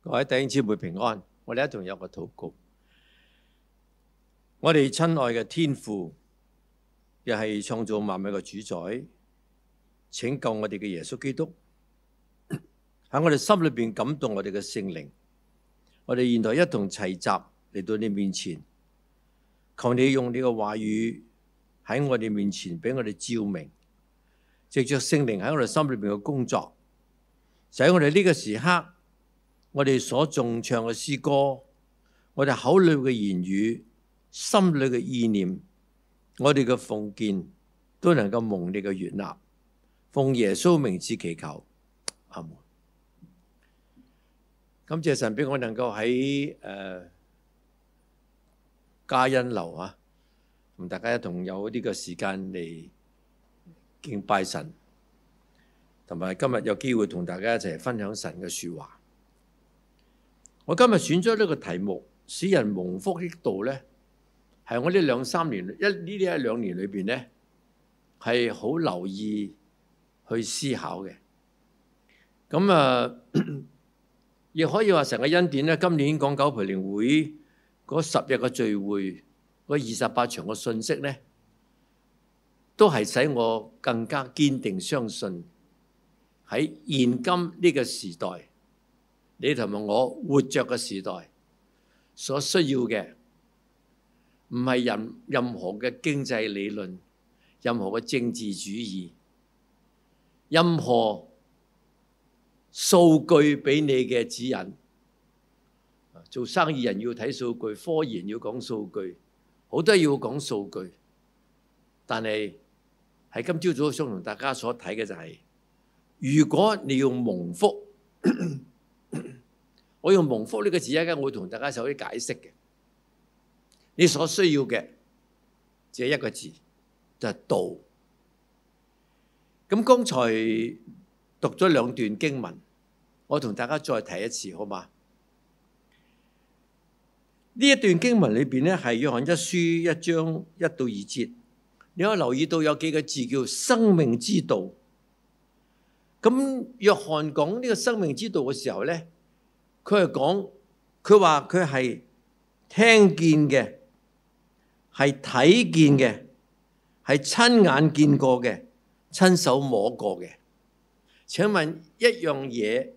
各位弟兄姊妹平安，我哋一同有個禱告。我哋親愛嘅天父，又係創造萬物嘅主宰，拯救我哋嘅耶穌基督，喺我哋心裏邊感動我哋嘅聖靈。我哋現在一同齊集嚟到你面前，求你用你嘅話語喺我哋面前俾我哋照明，藉着聖靈喺我哋心裏邊嘅工作，就喺我哋呢個時刻。我哋所重唱嘅詩歌，我哋口裏嘅言語，心裏嘅意念，我哋嘅奉獻都能夠蒙你嘅悅納，奉耶穌名字祈求。阿門。感謝神，俾我能夠喺誒加恩樓啊，同大家一同有呢個時間嚟敬拜神，同埋今日有機會同大家一齊分享神嘅說話。我今日選咗呢個題目，使人蒙福的道咧，係我呢兩三年一呢啲一兩年裏邊咧，係好留意去思考嘅。咁啊，亦可以話成個恩典咧。今年港九培靈會嗰十日嘅聚會，嗰二十八場嘅信息咧，都係使我更加堅定相信喺現今呢個時代。你同埋我活著嘅時代所需要嘅，唔係任任何嘅經濟理論、任何嘅政治主義、任何數據俾你嘅指引。啊，做生意人要睇數據，科研要講數據，好多要講數據。但係喺今朝早想同大家所睇嘅就係，如果你要蒙福。我用蒙福呢個字，一陣間我會同大家做啲解釋嘅。你所需要嘅只係一個字，就係、是、道。咁剛才讀咗兩段經文，我同大家再提一次，好嘛？呢一段經文裏邊咧，係約翰一書一章一到二節，你可以留意到有幾個字叫生命之道。咁約翰講呢個生命之道嘅時候咧。佢係講，佢話佢係聽見嘅，係睇見嘅，係親眼見過嘅，親手摸過嘅。請問一樣嘢，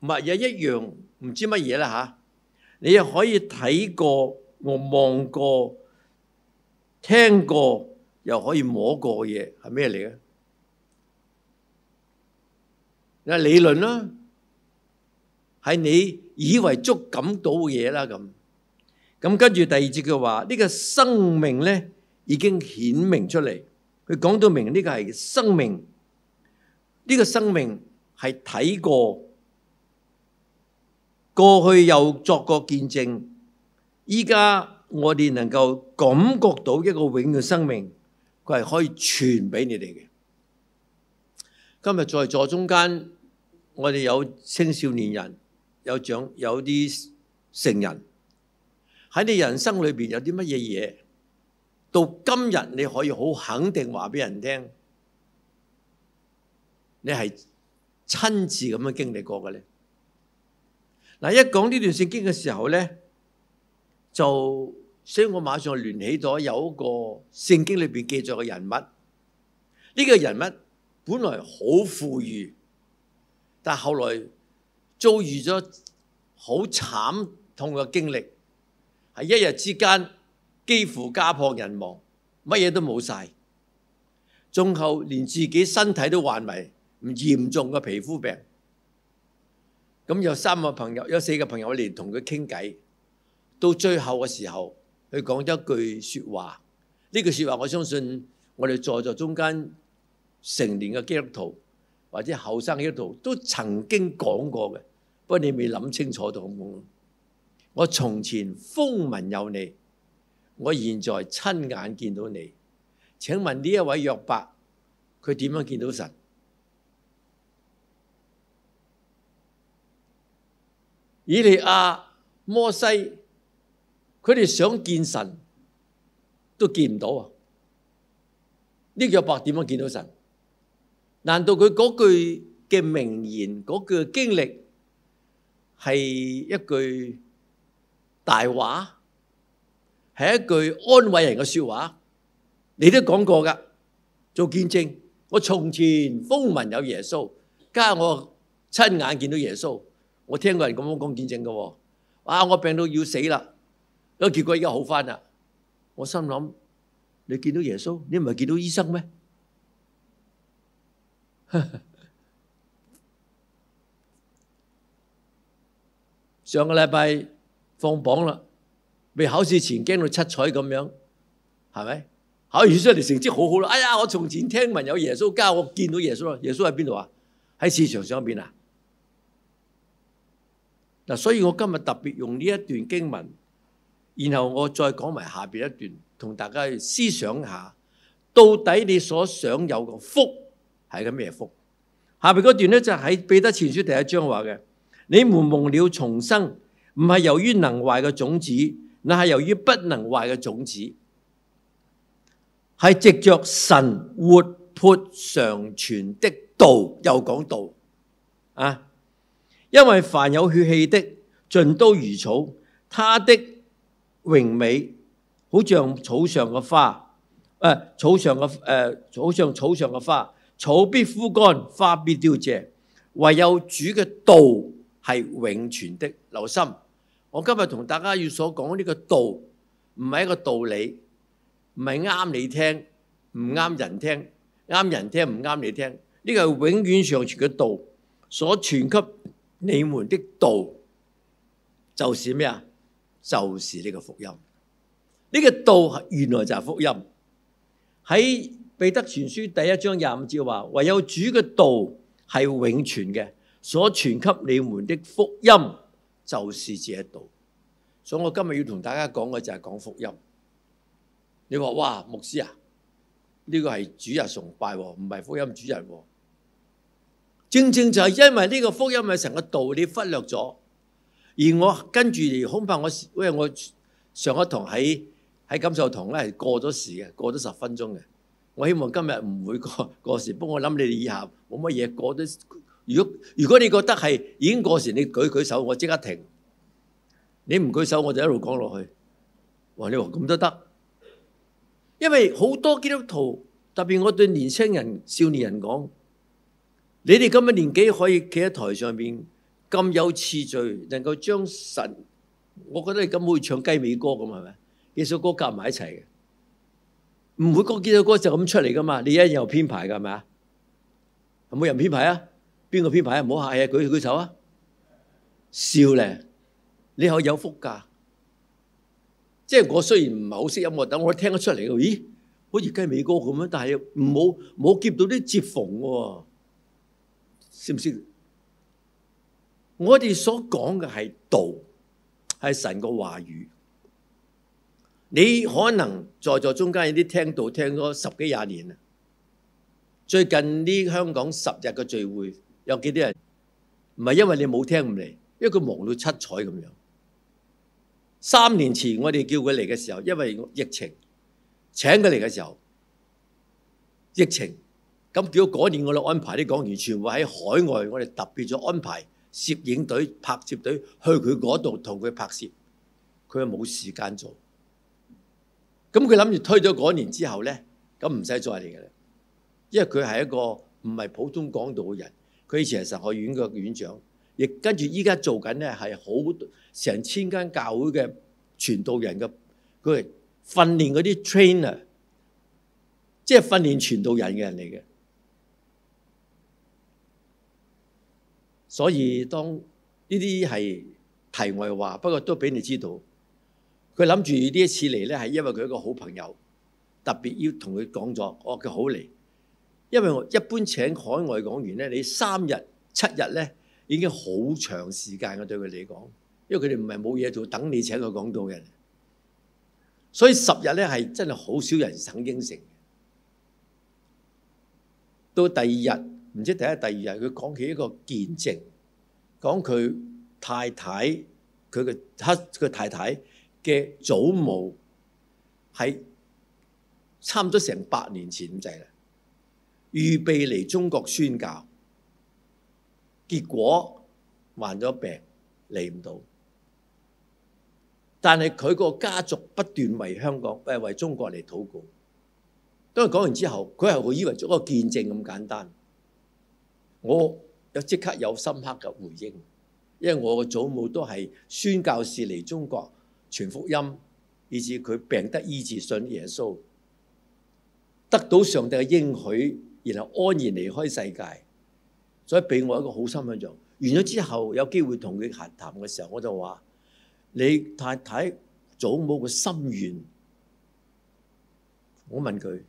唔係有一樣唔知乜嘢啦嚇？你又可以睇過，我望過，聽過，又可以摸過嘅嘢係咩嚟嘅？嗱理論咯，啊，係你。以為觸感到嘢啦咁，咁跟住第二節嘅話：呢個生命咧，已經顯明出嚟。佢講到明呢個係生命，呢個生命係睇過，過去又作過見證，依家我哋能夠感覺到一個永遠嘅生命，佢係可以傳俾你哋嘅。今日在座中間，我哋有青少年人。有長有啲成人，喺你人生裏邊有啲乜嘢嘢，到今日你可以好肯定話俾人聽，你係親自咁樣經歷過嘅咧。嗱，一講呢段聖經嘅時候咧，就所以我馬上聯起咗有一個聖經裏邊記載嘅人物，呢個人物本來好富裕，但係後來。遭遇咗好慘痛嘅經歷，喺一日之間幾乎家破人亡，乜嘢都冇晒。最後連自己身體都患埋唔嚴重嘅皮膚病。咁有三個朋友，有四個朋友嚟同佢傾偈，到最後嘅時候，佢講咗一句說話。呢句說話，我相信我哋在座中間成年嘅基督徒或者後生基督徒都曾經講過嘅。不過，你未諗清楚到好。我從前風聞有你，我現在親眼見到你。請問呢一位約伯，佢點樣見到神？以利亞、摩西，佢哋想見神都見唔到啊！呢約伯點樣見到神？難道佢嗰句嘅名言，嗰句經歷？係一句大話，係一句安慰人嘅說話。你都講過噶做見證。我從前風聞有耶穌，加我親眼見到耶穌。我聽過人咁樣講見證嘅，哇、啊！我病到要死啦，結果而家好返啦。我心諗，你見到耶穌，你唔係見到醫生咩？ 上個禮拜放榜啦，未考試前驚到七彩咁樣，係咪？考完出嚟成績好好啦，哎呀！我從前聽聞有耶穌教，我見到耶穌啦，耶穌喺邊度啊？喺市場上邊啊？嗱，所以我今日特別用呢一段經文，然後我再講埋下邊一段，同大家去思想一下，到底你所想有嘅福係個咩福？下邊嗰段咧就喺彼得前書第一章話嘅。你們蒙了重生，唔係由於能壞嘅種子，那係由於不能壞嘅種子，係藉着神活潑常存的道。又講道啊，因為凡有血氣的，盡都如草，它的榮美好像草上嘅花，誒，草上嘅，誒，草上草上嘅花，草必枯乾，花必凋謝，唯有主嘅道。係永存的，留心。我今日同大家要所講呢個道，唔係一個道理，唔係啱你聽，唔啱人聽，啱人聽唔啱你聽。呢個係永遠上傳嘅道，所傳給你們的道，就是咩啊？就是呢個福音。呢個道原來就係福音。喺彼得前書第一章廿五節話，唯有主嘅道係永存嘅。所傳給你們的福音就是這道。所以我今日要同大家講嘅就係講福音你說。你話哇，牧師啊，呢個係主日崇拜，唔係福音主日，啊。正正就係因為呢個福音係成個道，你忽略咗。而我跟住嚟，恐怕我因為我上一堂喺喺錦繡堂咧，係過咗時嘅，過咗十分鐘嘅。我希望今日唔會過過時，不過我諗你哋以後冇乜嘢過得。如果如果你覺得係已經過時，你舉舉手，我即刻停。你唔舉手，我就一路講落去。我話，你話咁都得，因為好多基督徒，特別我對年青人、少年人講，你哋咁嘅年紀可以企喺台上邊咁有次序，能夠將神，我覺得你咁會唱雞尾歌咁，係咪？幾首歌夾埋一齊嘅，唔會講幾首歌就咁出嚟噶嘛？你一樣有編排噶，係咪啊？有冇人編排啊？邊個編排啊？唔好客氣，舉舉手啊！笑咧，你可以有福噶。即係我雖然唔係好識音樂，但係我聽得出嚟嘅。咦，好似雞尾歌咁樣！但係唔好冇冇見到啲接縫嘅，識唔識？我哋所講嘅係道，係神嘅話語。你可能在座中間有啲聽到聽咗十幾廿年啊！最近呢香港十日嘅聚會。有幾啲人唔係因為你冇聽唔嚟，因為佢忙到七彩咁樣。三年前我哋叫佢嚟嘅時候，因為疫情請佢嚟嘅時候，疫情咁，結果嗰年我哋安排啲講員全部喺海外，我哋特別咗安排攝影隊、拍攝隊去佢嗰度同佢拍攝，佢又冇時間做。咁佢諗住推咗嗰年之後咧，咁唔使再嚟嘅啦，因為佢係一個唔係普通講道嘅人。佢以前係神學院嘅院長，亦跟住依家做緊咧係好成千間教會嘅傳道人嘅，佢係訓練嗰啲 trainer，即係訓練傳道人嘅人嚟嘅。所以當呢啲係題外話，不過都俾你知道，佢諗住呢一次嚟咧係因為佢一個好朋友，特別要同佢講咗，我、哦、佢好嚟。因為我一般請海外講員咧，你三日七日咧已經好長時間嘅，對佢哋講，因為佢哋唔係冇嘢做，等你請個講到嘅，所以十日咧係真係好少人肯應承。到第二日唔知第一第二日，佢講起一個見證，講佢太太佢嘅黑佢太太嘅祖母係差唔多成百年前咁滯啦。預備嚟中國宣教，結果患咗病嚟唔到。但係佢個家族不斷為香港、為為中國嚟禱告。當佢講完之後，佢係會以為咗一個見證咁簡單。我又即刻有深刻嘅回應，因為我個祖母都係宣教士嚟中國傳福音，以至佢病得醫治信耶穌，得到上帝嘅應許。然後安然離開世界，所以俾我一個好深印象。完咗之後，有機會同佢閒談嘅時候，我就話：你太太祖母嘅心願，我問佢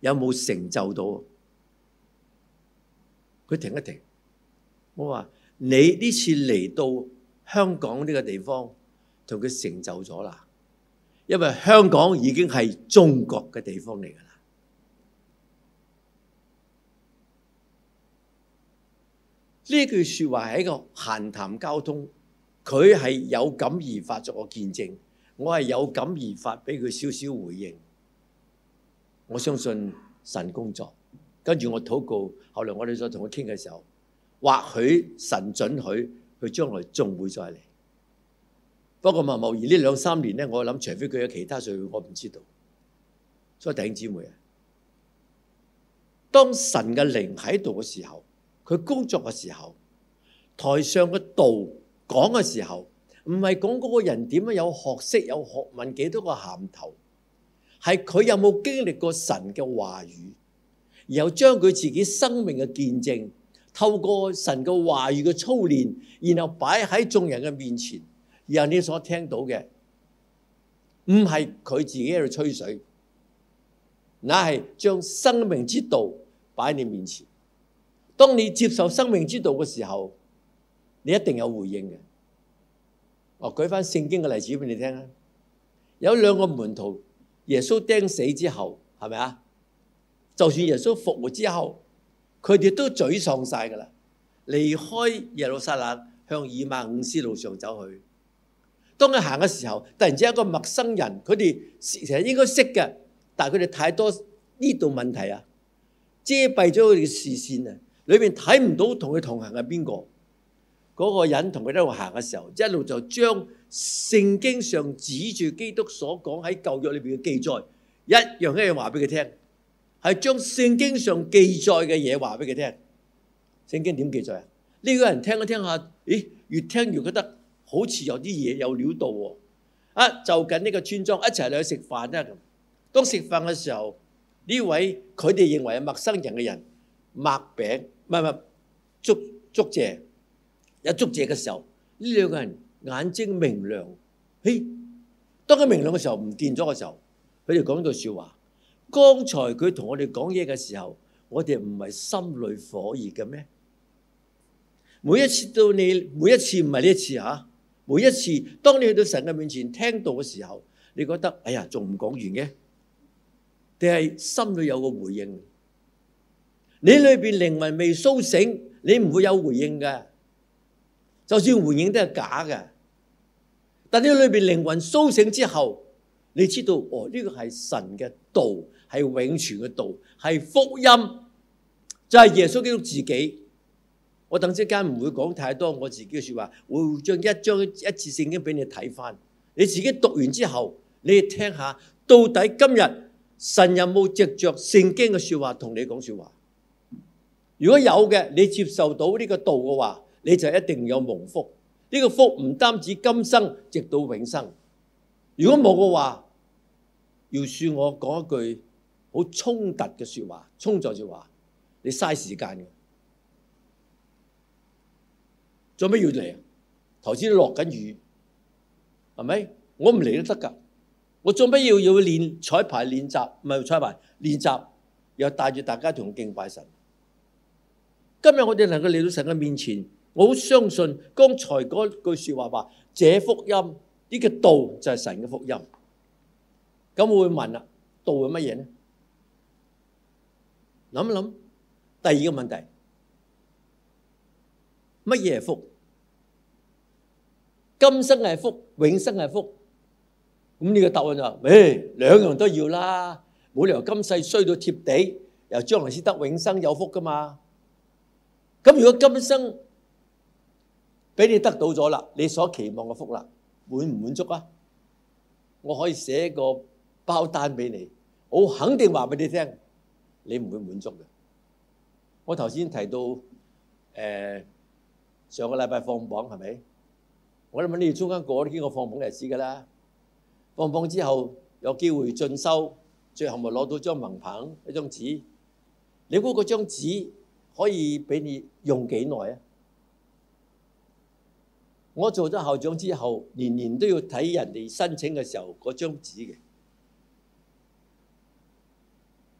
有冇成就到？佢停一停，我話你呢次嚟到香港呢個地方，同佢成就咗啦，因為香港已經係中國嘅地方嚟嘅。呢句説話係一個閒談交通，佢係有感而發，作我見證。我係有感而發，俾佢少少回應。我相信神工作，跟住我禱告。後來我哋再同佢傾嘅時候，或許神准許佢將來仲會再嚟。不過冇冇，而呢兩三年咧，我諗除非佢有其他罪，我唔知道。所以弟兄姊妹啊，當神嘅靈喺度嘅時候，佢工作嘅時候，台上嘅道講嘅時候，唔係講嗰個人點樣有學識、有學問、幾多個銜頭，係佢有冇經歷過神嘅話語，然後將佢自己生命嘅見證，透過神嘅話語嘅操練，然後擺喺眾人嘅面前，然後你所聽到嘅，唔係佢自己喺度吹水，乃係將生命之道擺喺你面前。當你接受生命之道嘅時候，你一定有回應嘅。我舉翻聖經嘅例子俾你聽啊！有兩個門徒，耶穌釘死之後係咪啊？就算耶穌復活之後，佢哋都沮喪晒噶啦，離開耶路撒冷向以馬忤斯路上走去。當佢行嘅時候，突然之間一個陌生人，佢哋其實應該識嘅，但係佢哋太多呢度問題啊，遮蔽咗佢哋嘅視線啊！裏面睇唔到同佢同行係邊個，嗰個人同佢一路行嘅時候，一路就將聖經上指住基督所講喺舊約裏邊嘅記載，一樣一樣話俾佢聽，係將聖經上記載嘅嘢話俾佢聽。聖經點記載啊？呢個人聽一聽下，咦，越聽越覺得好似有啲嘢有料到喎。啊，就近呢個村莊一齊嚟食飯啦。咁當食飯嘅時候，呢位佢哋認為係陌生人嘅人擘餅。唔係唔係，祝祝謝，有祝謝嘅時候，呢兩個人眼睛明亮。嘿，當佢明亮嘅時候，唔見咗嘅時候，佢哋講句說話。剛才佢同我哋講嘢嘅時候，我哋唔係心裏火熱嘅咩？每一次到你，每一次唔係呢一次吓，每一次當你去到神嘅面前聽到嘅時候，你覺得哎呀，仲唔講完嘅？定係心裏有個回應？你裏邊靈魂未蘇醒，你唔會有回應嘅。就算回應都係假嘅。但你裏邊靈魂蘇醒之後，你知道哦，呢個係神嘅道，係永存嘅道，係福音，就係耶穌基督自己。我等陣間唔會講太多我自己嘅說話，會將一張一次聖經俾你睇翻。你自己讀完之後，你聽下到底今日神有冇借着聖經嘅說話同你講說話？如果有嘅，你接受到呢個道嘅話，你就一定有蒙福。呢、呢個福唔單止今生，直到永生。如果冇嘅話，嗯、要恕我講一句好衝突嘅説話，衝撞説話，你嘥時間嘅，做咩要嚟啊？頭先落緊雨，係咪？我唔嚟都得㗎。我做咩要要練彩排練習？唔係彩排練習，又帶住大家同敬拜神。今日我哋能夠嚟到神嘅面前，我好相信剛才嗰句說話話：這福音呢個道就係神嘅福音。咁我會問啦，道係乜嘢呢？諗一諗，第二個問題，乜嘢係福？今生係福，永生係福。咁呢個答案就話：誒，兩樣都要啦，冇理由今世衰到貼地，由將來先得永生有福噶嘛。咁如果今生俾你得到咗啦，你所期望嘅福啦，滿唔滿足啊？我可以寫個包單俾你，我肯定話俾你聽，你唔會滿足嘅。我頭先提到誒上個禮拜放榜係咪？我諗你哋中間過咗幾個放榜嘅日子㗎啦，放榜之後有機會進修，最後咪攞到張文憑一張紙。你估嗰張紙可以俾你用幾耐啊？我做咗校長之後，年年都要睇人哋申請嘅時候嗰張紙嘅，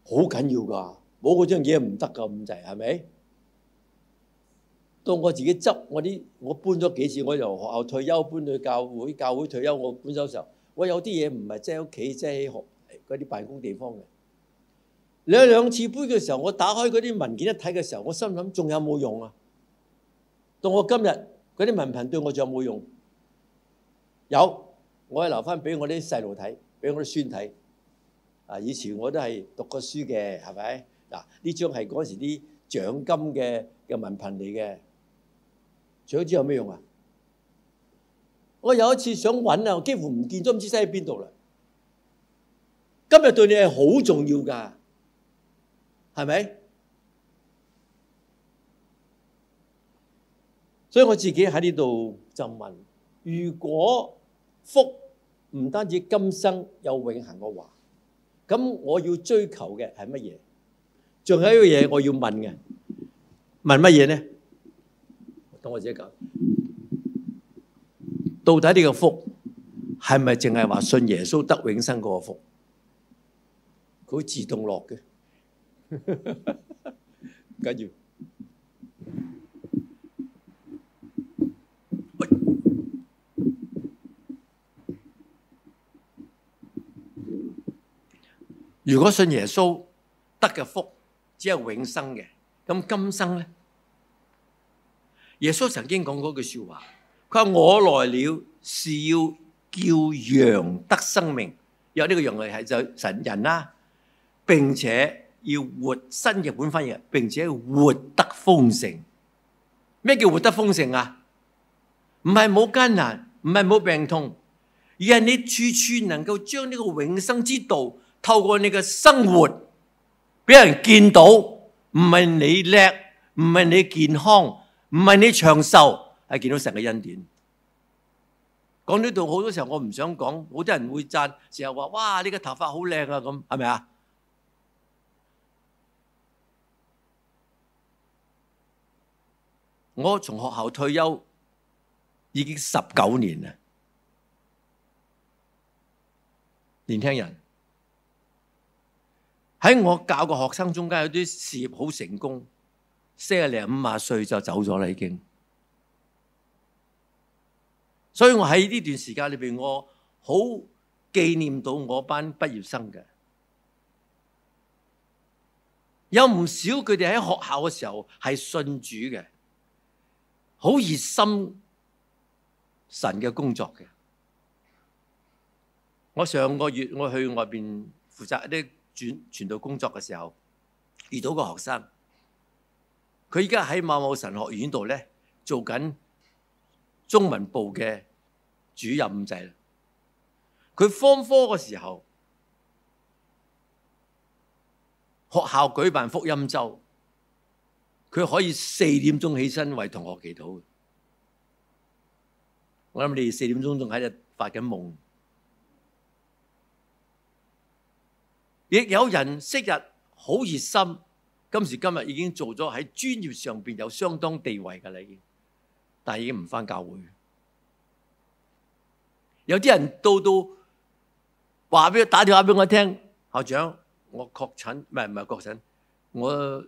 好緊要㗎。冇嗰張嘢唔得㗎咁滯，係咪？當我自己執我啲，我搬咗幾次，我由學校退休搬去教會，教會退休我搬走時候，我有啲嘢唔係即係屋企，即係喺學嗰啲辦公地方嘅。兩兩次杯嘅時候，我打開嗰啲文件一睇嘅時候，我心諗仲有冇用啊？到我今日，嗰啲文憑對我仲有冇用？有，我係留翻俾我啲細路睇，俾我啲孫睇。啊，以前我都係讀過書嘅，係咪？嗱，呢張係嗰時啲獎金嘅嘅文憑嚟嘅。除嗰張有咩用啊？我有一次想搵啊，我幾乎唔見咗，唔知塞喺邊度啦。今日對你係好重要噶。係咪？所以我自己喺呢度就問：如果福唔單止今生有永恆嘅話，咁我要追求嘅係乜嘢？仲有一樣嘢我要問嘅，問乜嘢呢？等我自己講，到底呢個福係咪淨係話信耶穌得永生嗰個福？佢會自動落嘅。跟住，如果信耶穌得嘅福，只係永生嘅。咁今生呢，耶穌曾經講過句說話，佢話我來了是要叫羊得生命。有呢個羊嚟係就神人啦，並且。要活新日本翻譯，並且活得豐盛。咩叫活得豐盛啊？唔係冇艱難，唔係冇病痛，而係你處處能夠將呢個永生之道透過你嘅生活俾人見到。唔係你叻，唔係你健康，唔係你長壽，係見到神嘅恩典。講呢度好多時候我唔想講，好多人會讚，成日話：哇，你嘅頭髮好靚啊！咁係咪啊？我從學校退休已經十九年啦。年輕人喺我教嘅學生中間，有啲事業好成功，四廿零五廿歲就走咗啦，已經。所以我喺呢段時間裏面，我好紀念到我班畢業生嘅，有唔少佢哋喺學校嘅時候係信主嘅。好熱心神嘅工作的。我上個月我去外面負責一啲轉傳，傳道工作嘅時候，遇到一個學生，佢現家喺某某神學院度做緊中文部嘅主任。他佢科 o r 嘅時候，學校舉辦福音週。佢可以四點鐘起身為同學祈禱。我諗你哋四點鐘仲喺度發緊夢。亦有人昔日好熱心，今時今日已經做咗喺專業上面有相當地位㗎啦，已經，但係已經唔返教會。有啲人到到話俾佢，打電話俾我聽，校長，我確診，唔係唔係確診，我。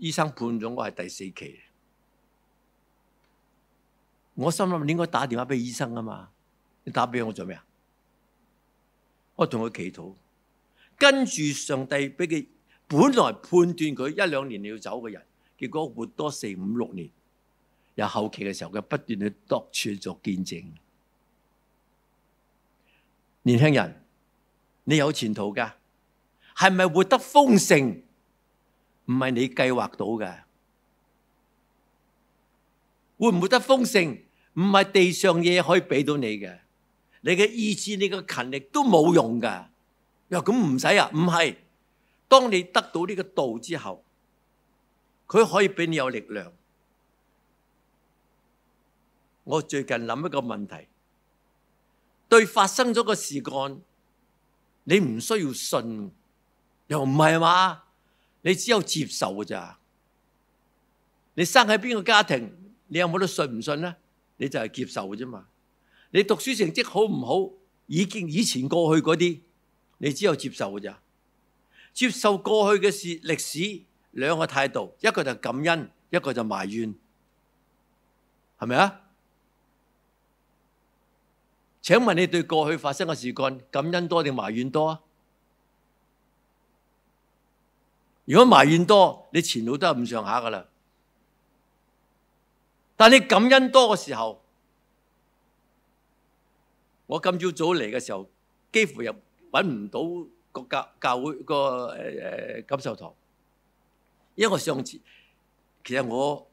醫生判咗我係第四期，我心諗你應該打電話俾醫生啊嘛，你打俾我做咩啊？我同佢祈禱，跟住上帝俾佢，本來判斷佢一兩年你要走嘅人，結果活多四五六年，又後期嘅時候，佢不斷去多處做見證。年輕人，你有前途噶，係咪活得豐盛？唔係你計劃到嘅，會唔會得豐盛？唔係地上嘢，可以俾到你嘅，你嘅意志、你嘅勤力，都冇用噶。又咁唔使啊？唔係，當你得到呢個道之後，佢可以俾你有力量。我最近諗一個問題，對發生咗個事幹，你唔需要信，又唔係嘛？你只有接受嘅咋？你生喺邊個家庭，你有冇得信唔信呢？你就係接受嘅嘛。你讀書成績好唔好？已經以前過去嗰啲，你只有接受嘅咋？接受過去嘅事，歷史兩個態度，一個就是感恩，一個就是埋怨，係咪啊？請問你對過去發生嘅事干感恩多定埋怨多啊？如果埋怨多，你前路都係咁上下噶啦。但係你感恩多嘅時候，我今朝早嚟嘅時候，幾乎又揾唔到個教教會、個誒誒感受堂，因為我上次其實我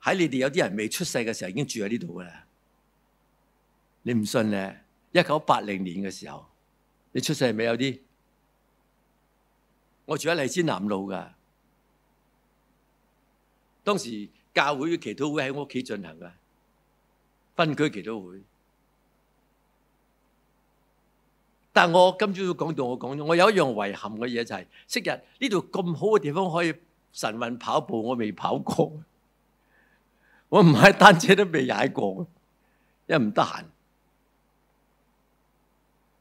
喺你哋有啲人未出世嘅時候已經住喺呢度噶啦。你唔信咧？一九八零年嘅時候，你出世未有啲？我住喺荔枝南路噶，當時教會嘅祈禱會喺我屋企進行噶，分區祈禱會。但係我今朝講到我講咗，我有一樣遺憾嘅嘢就係，昔日呢度咁好嘅地方可以晨運跑步，我未跑過；我唔係單車都未踩過，因為唔得閒。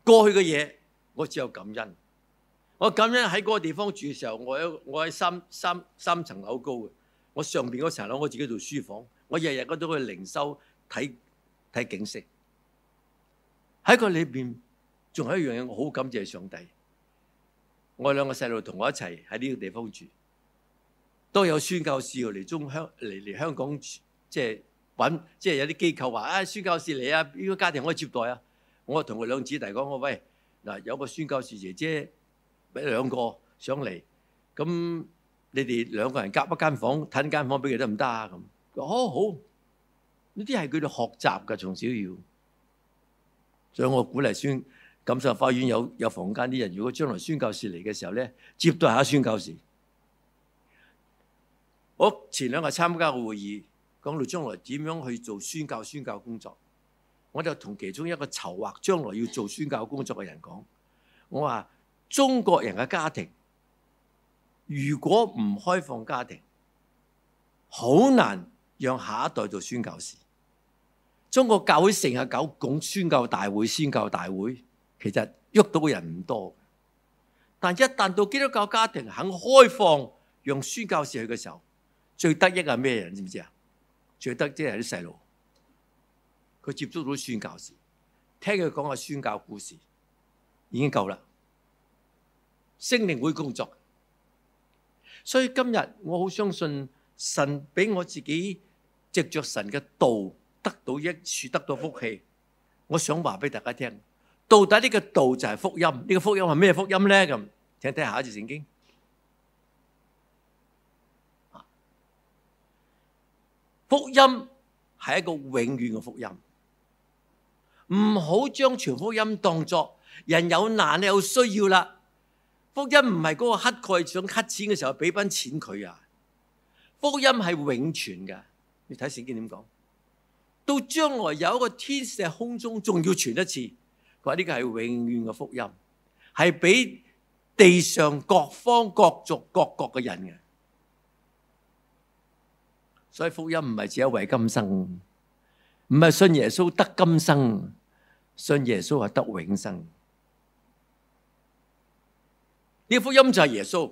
過去嘅嘢，我只有感恩。我咁樣喺嗰個地方住嘅時候，我有我喺三三三層樓高嘅，我上邊嗰層樓我自己做書房，我日日嗰度去靈修，睇睇景色。喺個裏邊仲有一樣嘢，我好感謝上帝。我兩個細路同我一齊喺呢個地方住，都有宣教師嚟中香嚟嚟香港，即係揾即係有啲機構話啊、哎，宣教師嚟啊，邊個家庭可以接待啊？我同佢兩姊弟講：我喂嗱，有個宣教師姐姐。俾兩個上嚟，咁你哋兩個人夾一間房，睇間房俾佢得唔得啊？咁哦，好，呢啲係佢哋學習嘅，從小要。所以我鼓勵宣錦繡花園有有房間啲人，如果將來宣教士嚟嘅時候咧，接待下宣教士。我前兩日參加個會議，講到將來點樣去做宣教宣教工作，我就同其中一個籌劃將來要做宣教工作嘅人講，我話。中國人嘅家庭如果唔開放家庭，好難讓下一代做宣教士。中國教會成日搞講宣教大會、宣教大會，其實喐到嘅人唔多。但一旦到基督教家庭肯開放，讓宣教士去嘅時候，最得益係咩人？你知唔知啊？最得益係啲細路，佢接觸到宣教士，聽佢講下宣教故事已經夠啦。聖靈會工作，所以今日我好相信神俾我自己藉着神嘅道得到益處，得到福氣。我想話俾大家聽，到底呢個道就係福音？呢個福音係咩福音咧？咁，請睇下一次聖經。福音係一個永遠嘅福音，唔好將全福音當作人有難你有需要啦。福音唔係嗰個乞丐想乞錢嘅時候俾返錢佢啊！福音係永存噶，你睇聖經點講？到將來有一個天使空中，仲要傳一次。佢話呢個係永遠嘅福音，係俾地上各方各族各國嘅人嘅。所以福音唔係只係為今生，唔係信耶穌得今生，信耶穌係得永生。呢福音就係耶穌，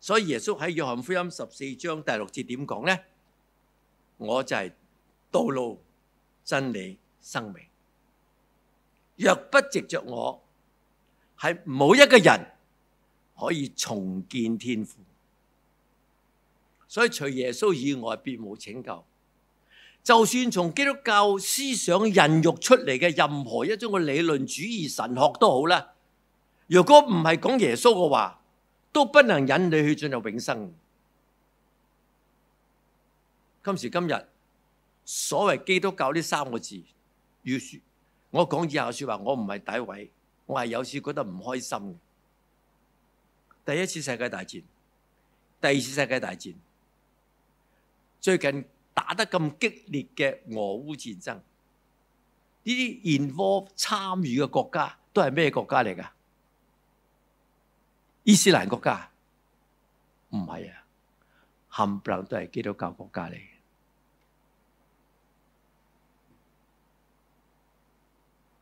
所以耶穌喺約翰福音十四章第六節點講咧？我就係道路、真理、生命。若不藉着我，係冇一個人可以重建天父。所以除耶穌以外，別無拯救。就算從基督教思想孕育出嚟嘅任何一種嘅理論主義神學都好啦。如果唔係講耶穌嘅話，都不能引你去進入永生。今時今日，所謂基督教呢三個字，要我講以下說話，我唔係詆毀，我係有時覺得唔開心嘅。第一次世界大戰，第二次世界大戰，最近打得咁激烈嘅俄烏戰爭，呢啲 involve 參與嘅國家都係咩國家嚟噶伊斯蘭國家唔係啊，冚唪唥都係基督教國家嚟。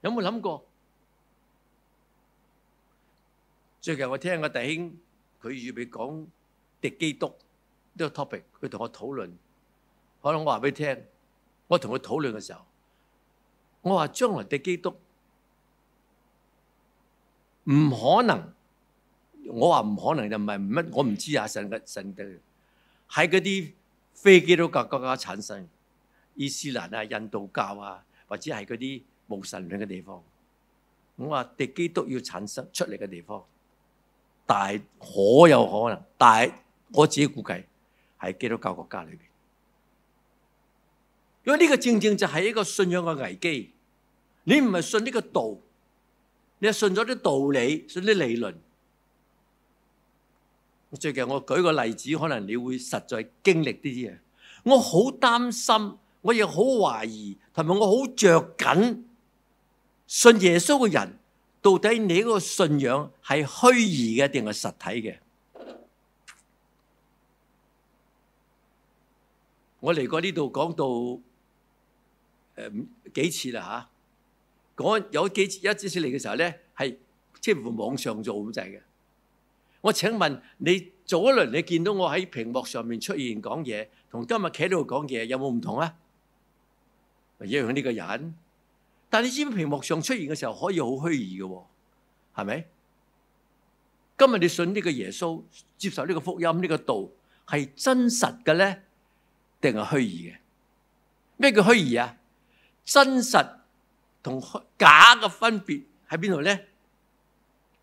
有冇諗過？最近我聽我弟兄，佢預備講敵基督呢個 topic，佢同我討論。可能我話俾你聽，我同佢討論嘅時候，我話將來敵基督唔可能。我話唔可能就唔係乜，我唔知啊。神嘅神嘅，喺嗰啲非基督教國家產生伊斯蘭啊、印度教啊，或者係嗰啲無神論嘅地方。我話敵基督要產生出嚟嘅地方，但大可有可能，但係我自己估計係基督教國家裏邊，因為呢個正正就係一個信仰嘅危機。你唔係信呢個道，你係信咗啲道理、信啲理論。最近我舉個例子，可能你會實在經歷啲啲嘢。我好擔心，我亦好懷疑，同埋我好着緊，信耶穌嘅人到底你嗰個信仰係虛擬嘅定係實體嘅？我嚟過呢度講到誒、呃、幾次啦嚇，講、啊、有幾次一、二次嚟嘅時候咧，係幾乎網上做咁滯嘅。我請問你早一輪，你見到我喺屏幕上面出現講嘢，同今日企喺度講嘢有冇唔同啊？一樣呢個人，但係你知唔知屏幕上出現嘅時候可以好虛擬嘅喎，係咪？今日你信呢個耶穌，接受呢個福音，呢個道係真實嘅咧，定係虛擬嘅？咩叫虛擬啊？真實同假嘅分別喺邊度咧？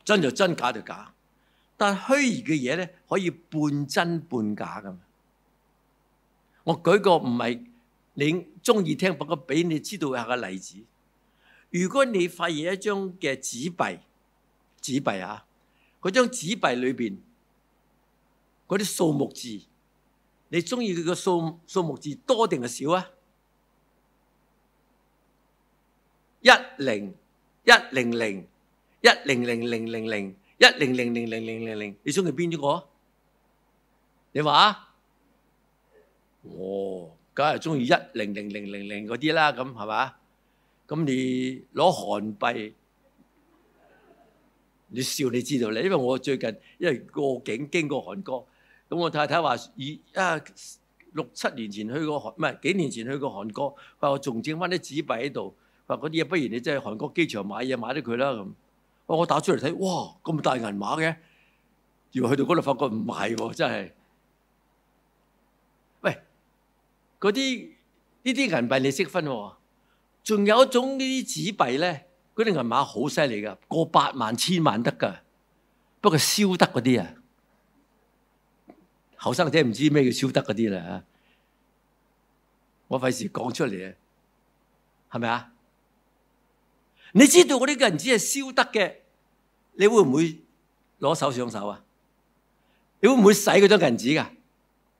真就真，假就假。但虛擬嘅嘢咧，可以半真半假噶嘛？我舉個唔係你中意聽，不過俾你知道下嘅例子。如果你發現一張嘅紙幣，紙幣啊，嗰張紙幣裏邊嗰啲數目字，你中意佢嘅數數目字多定係少啊？一零一零零一零零零零零。一零零零零零零，你中意邊一個？你話啊？哦，梗係中意一零零零零嗰啲啦，咁係嘛？咁你攞韓幣，你笑你知道咧，因為我最近因為過境經過韓國，咁我太太話以啊六七年前去過韓，唔係幾年前去過韓國，話我仲整翻啲紙幣喺度，話嗰啲嘢，不如你真係韓國機場買嘢買咗佢啦咁。我打出嚟睇，哇咁大銀碼嘅，原來去到嗰度發覺唔係喎，真係。喂，嗰啲呢啲銀幣你識分喎、啊？仲有一種呢啲紙幣呢，嗰啲銀碼好犀利㗎，過百萬、千萬得㗎。不過燒得嗰啲後後生仔唔知咩叫燒得嗰啲喇，我費事講出嚟啊，係咪啊？你知道嗰啲銀紙係燒得嘅，你會唔會攞手上手啊？你會唔會使嗰張銀紙㗎？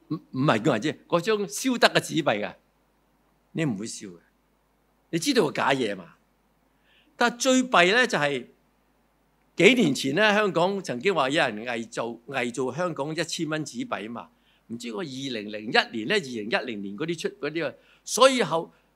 唔唔係叫人知嗰張燒得嘅紙幣㗎，你唔會笑嘅。你知道係假嘢嘛？但係最弊咧就係、是、幾年前咧，香港曾經話有人偽造偽造香港一千蚊紙幣啊嘛。唔知我二零零一年咧，二零一零年嗰啲出嗰啲啊，所以後。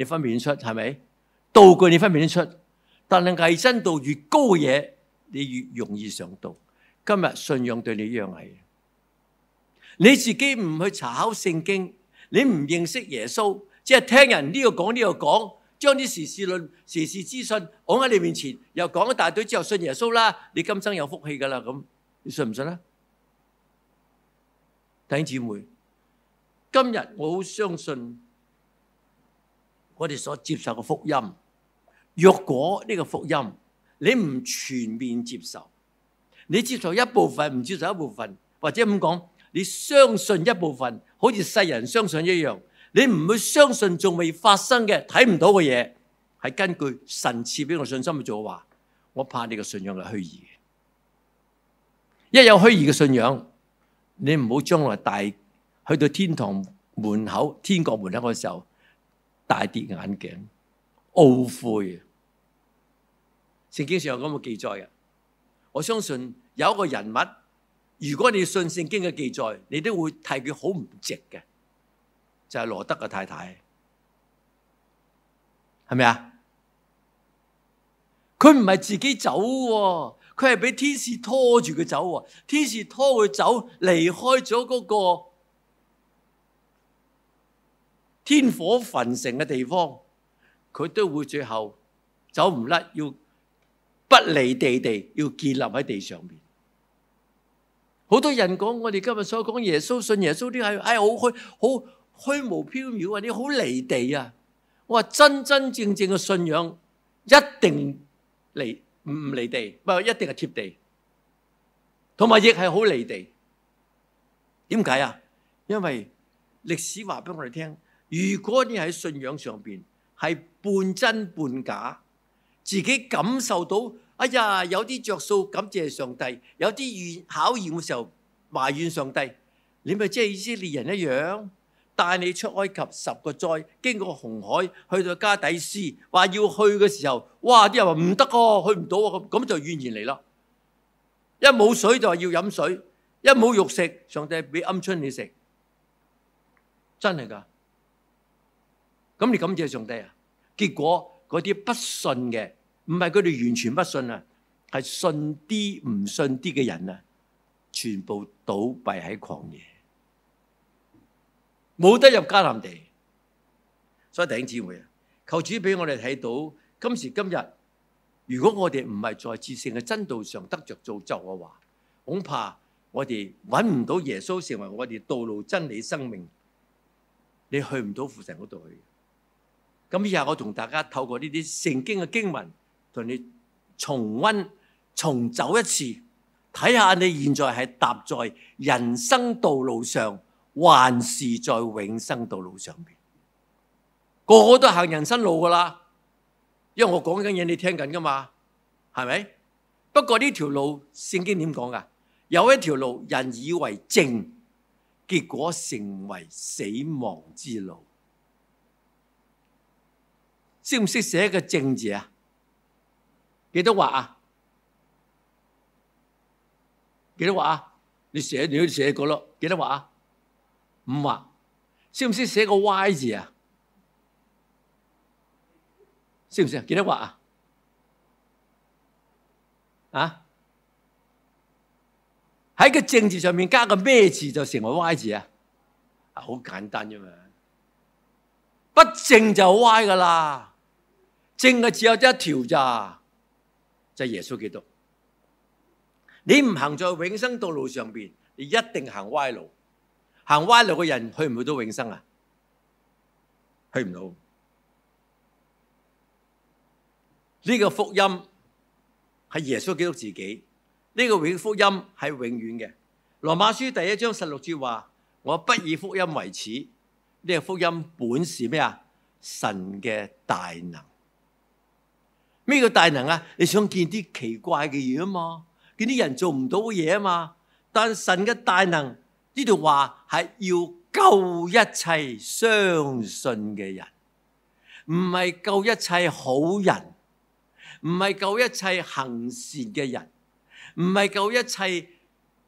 你分辨出係咪道具？你分辨得出，但係偽真度越高嘅嘢，你越容易上當。今日信仰對你一樣係，你自己唔去查考聖經，你唔認識耶穌，即係聽人呢個講呢個講，將啲時事論、時事資訊捧喺你面前，又講一大堆之後信耶穌啦，你今生有福氣噶啦咁，你信唔信呢？弟兄姊妹，今日我好相信。我哋所接受嘅福音，若果呢個福音你唔全面接受，你接受一部分，唔接受一部分，或者咁講，你相信一部分，好似世人相信一樣，你唔會相信仲未發生嘅、睇唔到嘅嘢，係根據神賜俾我信心去做嘅話，我怕你嘅信仰係虛擬嘅。一有虛擬嘅信仰，你唔好將來大去到天堂門口、天國門口嗰時候，大跌眼鏡，懊悔啊！聖經上有咁嘅記載嘅，我相信有一個人物，如果你信聖經嘅記載，你都會睇佢好唔值嘅，就係羅德嘅太太，係咪啊？佢唔係自己走喎，佢係俾天使拖住佢走喎，天使拖佢走離開咗嗰個。天火焚城嘅地方，佢都會最後走唔甩，要不離地地，要建立喺地上面。好多人講，我哋今日所講耶穌信耶穌啲係唉，好虛好虛無縹緲啊，你好離地啊！我話真真正正嘅信仰一定離唔唔離地，唔係一定係貼地，同埋亦係好離地。點解啊？因為歷史話俾我哋聽。如果你喺信仰上面係半真半假，自己感受到哎呀有啲着數感謝上帝，有啲遇考驗嘅時候埋怨上帝，你咪即係以色列人一樣帶你出埃及十個災，經過紅海去到加底斯，話要去嘅時候，哇啲人話唔得哦，去唔到啊，咁就怨言嚟啦。一冇水就係要飲水，一冇肉食，上帝俾鵪鶉你食，真係噶。咁你感謝上帝啊？結果嗰啲不信嘅，唔係佢哋完全不信啊，係信啲唔信啲嘅人啊，全部倒閉喺狂野，冇得入迦南地。所以弟兄姊妹啊，求主俾我哋睇到今時今日，如果我哋唔係在至聖嘅真道上得着造就嘅話，恐怕我哋揾唔到耶穌成為我哋道路、真理、生命，你去唔到父神嗰度去。咁以下我同大家透過呢啲聖經嘅經文，同你重溫重走一次，睇下你現在係踏在人生道路上，還是在永生道路上面。個個都行人生路噶啦，因為我講緊嘢你聽緊噶嘛，係咪？不過呢條路聖經點講噶？有一條路人以為正，結果成為死亡之路。識唔識寫個正字啊？幾多畫啊？幾多畫啊？你寫你都寫過咯，幾多畫啊？五畫。識唔識寫個歪字啊？識唔識？幾多畫啊？啊？喺個正字上面加個咩字就成為歪字啊？啊，好簡單啫嘛。不正就歪噶啦。正係只有一條咋，就係、是、耶穌基督。你唔行在永生道路上邊，你一定行歪路。行歪路嘅人去唔去到永生啊？去唔到。呢、這個福音係耶穌基督自己。呢、這個福音係永遠嘅。羅馬書第一章十六節話：我不以福音為恥。呢、這個福音本是咩啊？神嘅大能。咩叫大能啊？你想見啲奇怪嘅嘢啊嘛？見啲人做唔到嘅嘢啊嘛？但神嘅大能呢度話係要救一切相信嘅人，唔係救一切好人，唔係救一切行善嘅人，唔係救一切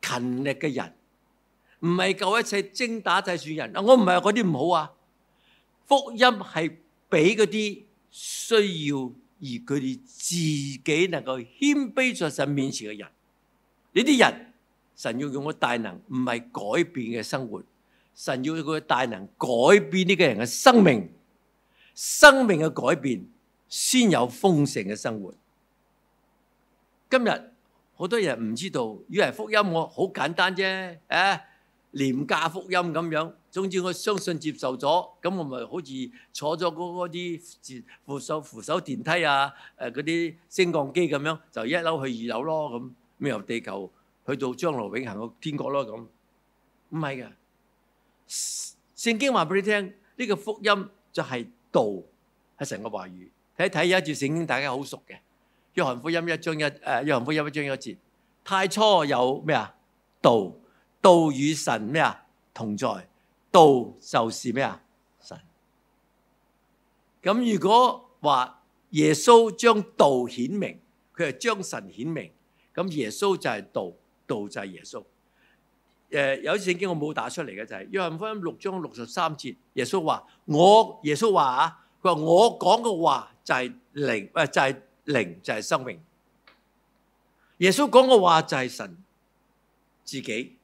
勤力嘅人，唔係救一切精打細算的人。我唔係話嗰啲唔好啊，福音係俾嗰啲需要，而佢哋自己能夠謙卑在神面前嘅人，呢啲人神要用個大能，唔係改變嘅生活，神要用個大能改變呢個人嘅生命，生命嘅改變先有豐盛嘅生活。今日好多人唔知道，以為福音我好簡單啫，誒廉價福音咁樣。總之，我相信接受咗咁，我咪好似坐咗嗰啲扶手扶手電梯啊，誒嗰啲升降機咁樣，就一樓去二樓咯咁，咩？由地球去到將來永恆嘅天國咯咁。唔係嘅，聖經話俾你聽，呢個福音就係道，係神嘅話語。睇一睇有一段聖經，大家好熟嘅。約翰福音一章一誒約翰福音一章一節，太初有咩啊？道，道與神咩啊同在。道就是咩啊？神。咁如果話耶穌將道顯明，佢係將神顯明。咁耶穌就係道，道就係耶穌。誒，有一次經我冇打出嚟嘅就係約翰福音六章六十三節，耶穌話：我耶穌話啊，佢話我講嘅話就係靈，誒就係靈就係生命。耶穌講嘅話就係神自己，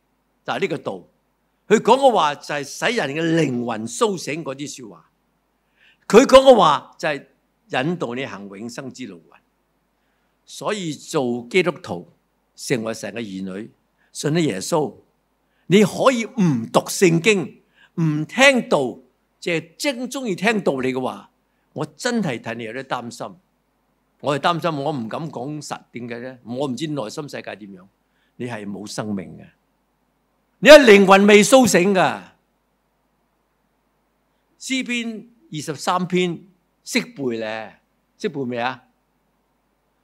就係呢個道。佢講嘅話就係、是、使人嘅靈魂甦醒嗰啲説話，佢講嘅話就係、是、引導你行永生之路。所以做基督徒成為成個兒女，信咗耶穌，你可以唔讀聖經，唔聽道，即係精中意聽道理嘅話。我真係替你有啲擔心，我係擔心，我唔敢講實點解咧？我唔知內心世界點樣，你係冇生命嘅。你的靈魂未甦醒㗎。詩篇二十三篇識背咧？識背咩啊？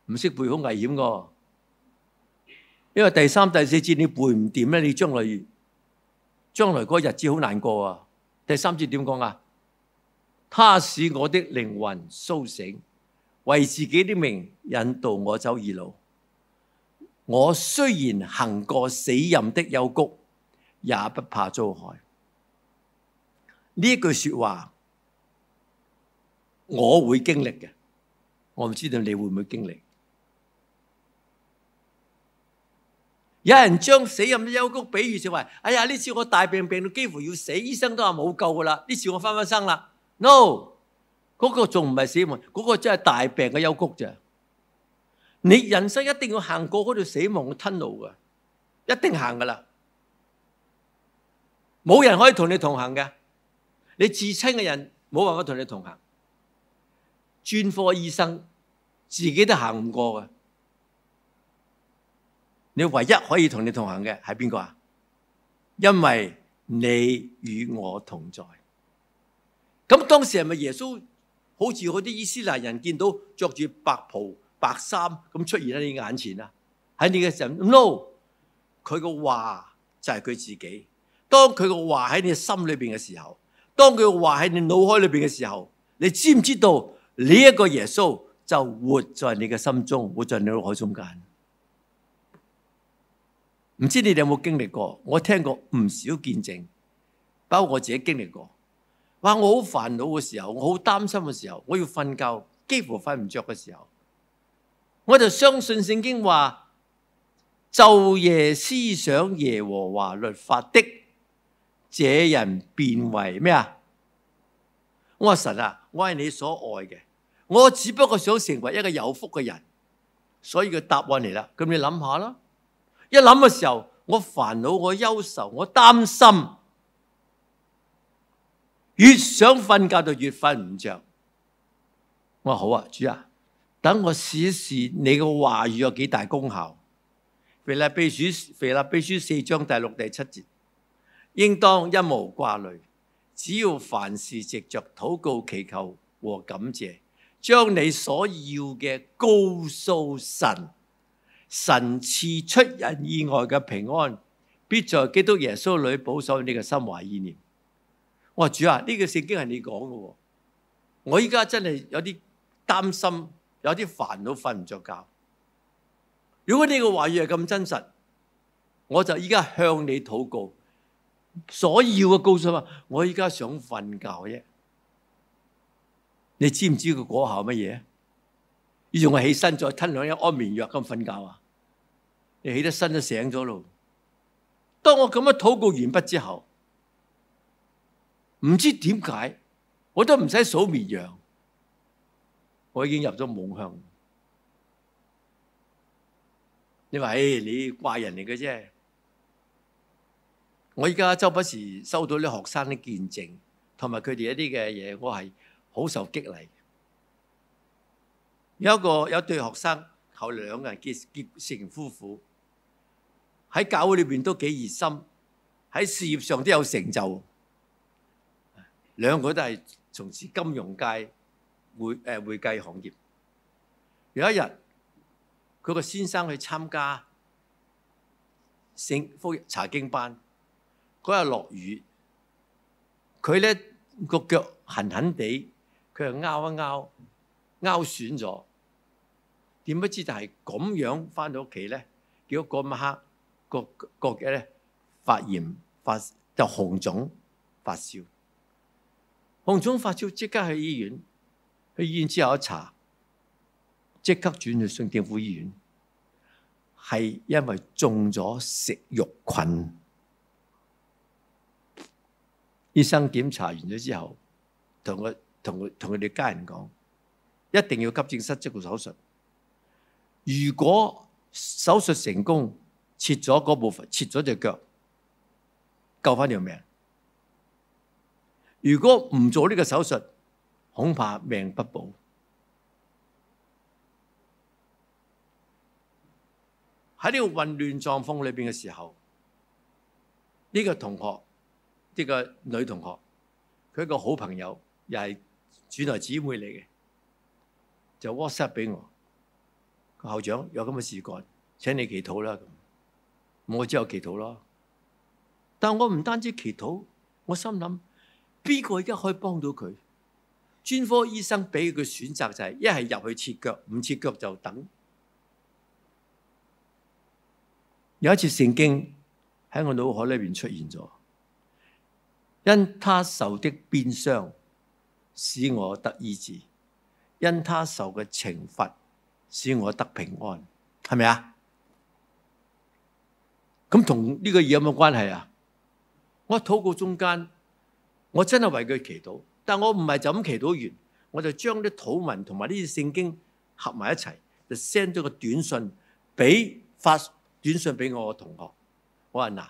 唔識背好危險噶，因為第三、第四節你背唔掂咧，你將來將來嗰日子好難過啊！第三節點講啊？他使我的靈魂甦醒，為自己的名引導我走義路。我雖然行過死蔭的幽谷。也不怕遭害，呢一句說話我會經歷嘅，我唔知道你會唔會經歷。有人將死蔭嘅幽谷比喻成為，哎呀，呢次我大病病到幾乎要死，醫生都話冇救噶啦。呢次我翻翻生啦。No，嗰個仲唔係死亡，嗰個真係大病嘅幽谷咋。你人生一定要行過嗰條死亡嘅 tunnel 嘅，一定行噶啦。冇人可以同你同行嘅，你至親嘅人冇辦法同你同行，專科醫生自己都行唔過嘅。你唯一可以同你同行嘅係邊個啊？因為你與我同在。咁當時係咪耶穌好似嗰啲伊斯蘭人見到着住白袍白衫咁出現喺你眼前啊？喺你嘅時候，no，佢嘅話就係佢自己。當佢嘅話喺你心裏邊嘅時候，當佢嘅話喺你腦海裏邊嘅時候，你知唔知道呢一個耶穌就活在你嘅心中，活在你腦海中間？唔知你哋有冇經歷過？我聽過唔少見證，包括我自己經歷過。話：我好煩惱嘅時候，我好擔心嘅時候，我要瞓覺幾乎瞓唔着嘅時候，我就相信聖經話：晝夜思想耶和華律法的。這人變為咩啊？我阿神啊，我係你所愛嘅，我只不過想成為一個有福嘅人，所以佢答案嚟啦。咁你諗下啦，一諗嘅時候，我煩惱，我憂愁，我擔心，越想瞓覺就越瞓唔着。我話好啊，主啊，等我試一試你嘅話語有幾大功效。腓立比書，腓立比書四章第六第七節。應當一無掛慮，只要凡事藉着禱告、祈求和感謝，將你所要嘅告訴神，神賜出人意外嘅平安，必在基督耶穌裏保守你嘅心懷意念。我話主啊，呢、呢個聖經係你講嘅，我依家真係有啲擔心，有啲煩惱瞓唔着覺。如果呢個話語係咁真實，我就依家向你禱告。所以我告訴啊！我依家想瞓覺啫，你知唔知道個果效乜嘢？你仲係起身再吞兩粒安眠藥咁瞓覺啊？你起得身都醒咗咯。當我咁樣禱告完畢之後，唔知點解我都唔使數綿羊，我已經入咗夢鄉。你話誒，你怪人嚟嘅啫。我依家周不時收到啲學生嘅見證，同埋佢哋一啲嘅嘢，我係好受激勵。有一個有一對學生，後兩個人結結成夫婦，喺教會裏邊都幾熱心，喺事業上都有成就。兩個都係從事金融界會誒會計行業。有一日，佢個先生去參加聖福音查經班。嗰日落雨，佢咧個腳痕痕地，佢又拗一拗，拗損咗。點不知就係咁樣返到屋企咧，結果，嗰個晚黑，嗰個個腳咧發炎發就紅腫發燒，紅腫發燒，即刻去醫院，去醫院之後一查，即刻轉去聖政府醫院，係因為中咗食肉菌。醫生檢查完咗之後，同我、同我、同佢哋家人講，一定要急症室做手術。如果手術成功，切咗嗰部分，切咗隻腳，救返條命；如果唔做呢個手術，恐怕命不保。喺呢個混亂狀況裏面嘅時候，呢個同學。呢個女同學，佢一個好朋友，又係主內姊妹嚟嘅，就 WhatsApp 俾我，校長有咁嘅事幹，請你祈禱啦。我只有祈禱咯，但我唔單止祈禱，我心諗邊個而家可以幫到佢？專科醫生俾佢嘅選擇就係一係入去切腳，唔切腳就等。有一次聖經喺我腦海裏邊出現咗。因他受的鞭傷，使我得醫治；因他受嘅懲罰，使我得平安。係咪啊？咁同呢個嘢有冇關係啊？我禱告中間，我真係為佢祈禱，但我唔係就咁祈禱完，我就將啲禱文同埋呢啲聖經合埋一齊就 send 咗個短信俾發短信俾我嘅同學。我話嗱。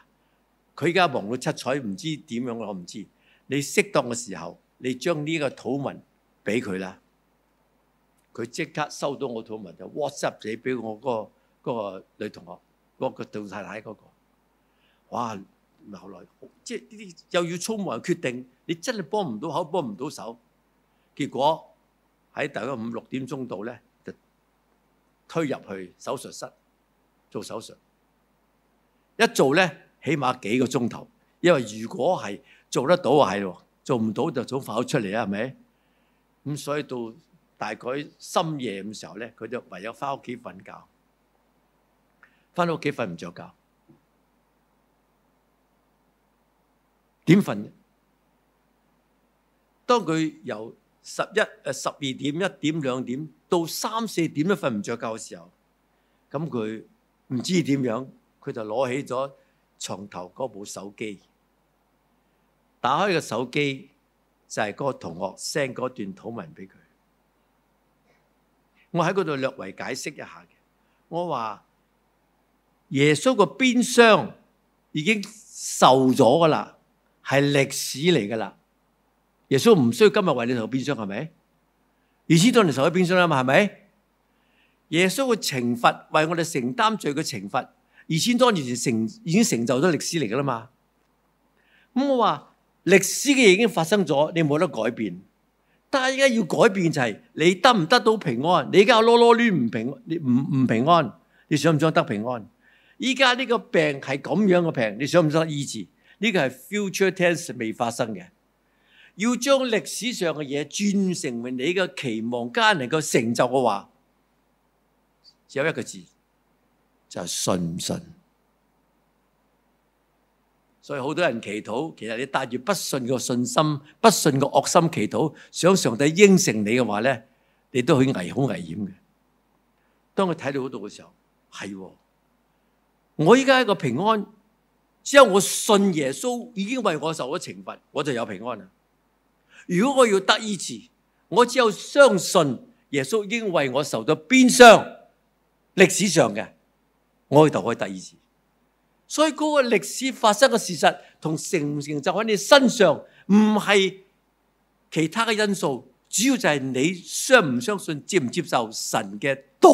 佢依家忙到七彩，唔知點樣我唔知。你適當嘅時候，你將呢個土文俾佢啦。佢即刻收到我土文就 WhatsApp 咗俾我嗰個嗰個女同學，嗰個杜太太嗰個。哇！後來，即係呢啲又要匆忙決定，你真係幫唔到口幫唔到手。結果喺大約五六點鐘度咧，就推入去手術室做手術。一做咧～起碼幾個鐘頭，因為如果係做得到啊，係喎；做唔到就早跑出嚟啦，係咪？咁所以到大概深夜嘅時候咧，佢就唯有翻屋企瞓覺。翻到屋企瞓唔著覺，點瞓？當佢由十一誒十二點一點兩點到三四點都瞓唔著覺嘅時候，咁佢唔知點樣，佢就攞起咗床頭嗰部手機，打開個手機就係嗰個同學 send 嗰段禱文俾佢。我喺嗰度略為解釋一下嘅。我話耶穌個鞭傷已經受咗噶啦係歷史嚟噶啦。耶穌唔需要今日為你受鞭傷，係咪？以前多年受咗鞭傷啦嘛，係咪？耶穌嘅懲罰為我哋承擔罪嘅懲罰。二千多年前成已經成就咗歷史嚟噶啦嘛，咁我話歷史嘅嘢，已經發生咗，你冇得改變。但係而家要改變就係你得唔得到平安？你而家囉囉攣唔平，你唔唔平安？你想唔想得平安？而家呢個病係咁樣嘅病，你想唔想醫治？呢個係 future tense，未發生嘅，要將歷史上嘅嘢轉成為你嘅期望家能嘅成就嘅話，只有一個字。就是、信唔信？所以好多人祈禱，其實你帶住不信個信心、不信個惡心祈禱，想上帝應承你嘅話咧，你都好危好危險嘅。當佢睇到嗰度嘅時候，係、哦、我依家一個平安，只有我信耶穌已經為我受咗懲罰，我就有平安啦。如果我要得醫治，我只有相信耶穌已經為我受咗鞭傷，歷史上嘅。我去可以第二次，所以嗰個歷史發生嘅事實同成唔成就喺你身上，唔係其他嘅因素，主要就係你相唔相信、接唔接受神嘅道。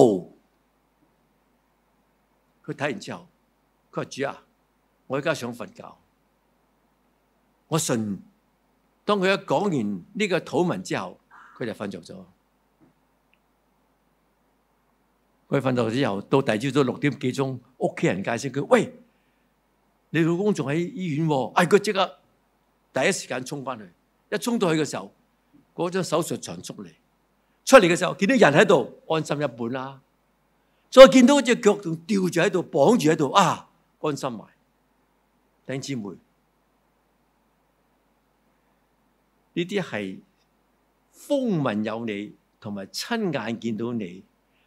佢睇完之後他說，佢話主啊，我依家想瞓覺，我信。當佢一講完呢個禱文之後，佢就瞓着咗。佢瞓覺之後，到第二朝早六點幾鐘，屋企人介紹佢：喂，你老公仲喺醫院。哎，佢即刻第一時間沖翻去，一沖到去嘅時候，嗰張手術床出嚟，出嚟嘅時候見到人喺度安心一半啦，再見到隻腳仲吊住喺度，綁住喺度啊，安心埋。弟兄姊妹，呢啲係風聞有你，同埋親眼見到你。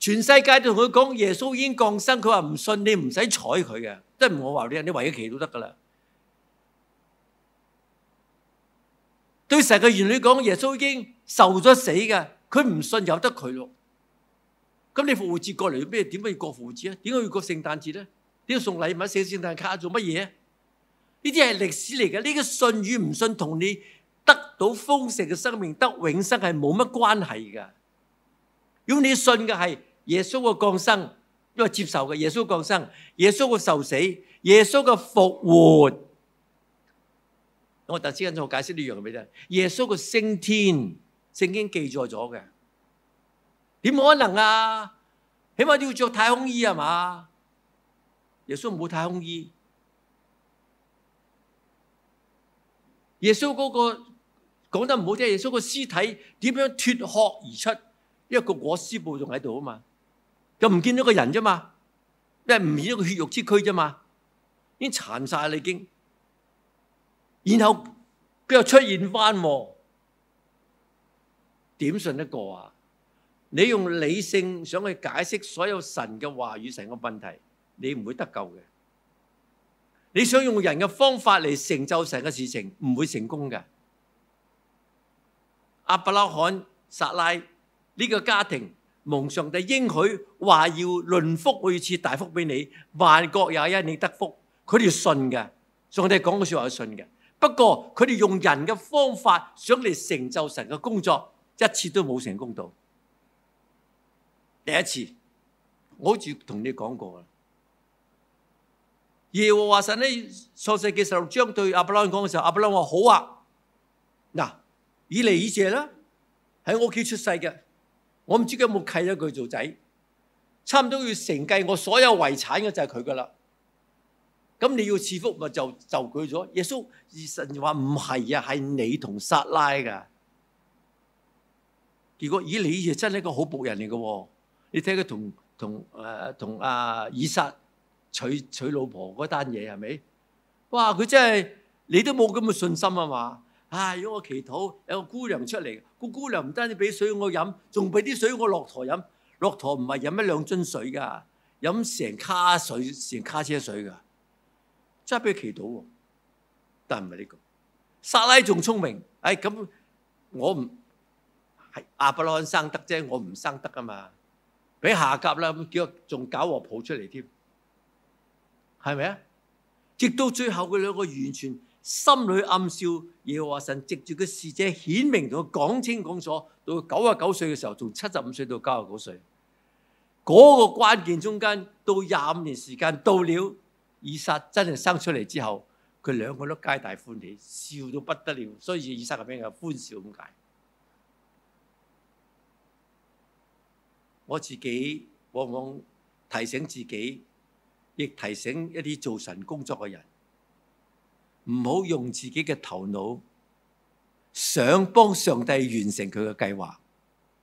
全世界都同佢講耶穌已經降生，佢話唔信你唔使睬佢嘅，即係唔好話你呢，你唯佢奇都得噶啦。對成個原理講，耶穌已經受咗死嘅，佢唔信由得佢咯。咁你復活節過嚟咩？點解要過復活節啊？點解要過聖誕節咧？點解送禮物、寫聖誕卡做乜嘢啊？呢啲係歷史嚟嘅，呢個信與唔信同你得到豐盛嘅生命、得永生係冇乜關係㗎。如果你信嘅係，耶穌嘅降生都係接受嘅，耶穌降生，耶穌嘅受死，耶穌嘅復活，我等陣間再解釋呢樣嘢俾你。耶穌嘅升天，聖經記載咗嘅，點可能啊？起碼都要着太空衣啊嘛，耶穌冇太空衣。耶穌嗰個講得唔好聽，耶穌個屍體點樣脫殼而出？因為個裹屍布仲喺度啊嘛。就唔見咗個人啫嘛，即係唔見咗個血肉之軀啫嘛，已經殘曬啦已經。然後佢又出現返喎，點信得過啊？你用理性想去解釋所有神嘅話語，成個問題，你唔會得救嘅。你想用人嘅方法嚟成就成個事情，唔會成功嘅。阿伯拉罕、撒拉呢個家庭。蒙上帝應許，話要臨福，我要賜大福俾你，萬國也因你得福。佢哋信嘅，上帝講嘅説話係信嘅。不過佢哋用人嘅方法想嚟成就神嘅工作，一次都冇成功到。第一次，我好似同你講過啦。耶和華神呢，創世記十六章對阿布拉罕講嘅時候，阿布拉罕話：好啊，嗱，以利以謝啦，喺我屋企出世嘅。我唔知佢有冇契咗佢做仔，差唔多要承繼我所有遺產嘅就係佢㗎喇。咁你要賜福咪就就佢咗？耶穌神話唔係啊，係你同撒拉㗎。結果咦，你真係一個好僕人嚟嘅喎？你睇佢同同誒同阿以撒娶娶，娶老婆嗰單嘢係咪？哇！佢真係你都冇咁嘅信心啊嘛！啊！如果我祈禱有個姑娘出嚟，個姑娘唔單止俾水我飲，仲俾啲水我駱駝飲。駱駝唔係飲一兩樽水㗎，飲成卡水，成卡車水㗎。真係俾佢祈禱喎，但係唔係呢個？撒拉仲聰明，哎咁我唔係阿伯拉罕生得啫，我唔生得啊嘛。俾下夾啦，結果仲搞鑊抱出嚟添，係咪啊？直到最後佢兩個完全。心裏暗笑，耶和華神藉住個使者，顯明同佢講清講楚。到九十九歲嘅時候，從七十五歲到九十九歲，嗰、那個關鍵中間，到廿五年時間到了，以撒真係生出嚟之後，佢兩個都皆大歡喜，笑到不得了。所以以撒入邊有歡笑咁解。我自己往往提醒自己，亦提醒一啲做神工作嘅人。唔好用自己嘅頭腦想幫上帝完成佢嘅計劃，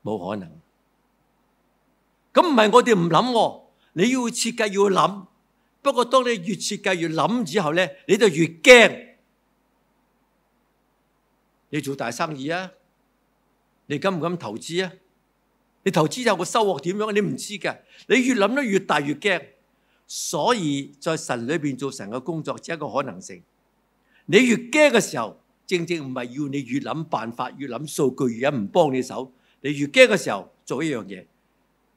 冇可能。咁唔係我哋唔諗喎，你要設計要諗。不過當你越設計越諗之後咧，你就越驚。你做大生意啊？你敢唔敢投資啊？你投資有個收穫點樣？你唔知㗎。你越諗得越大越驚，所以在神裏邊做神嘅工作只係一個可能性。你越驚嘅時候，正正唔係要你越諗辦法，越諗數據，越唔幫你手。你越驚嘅時候，做一樣嘢，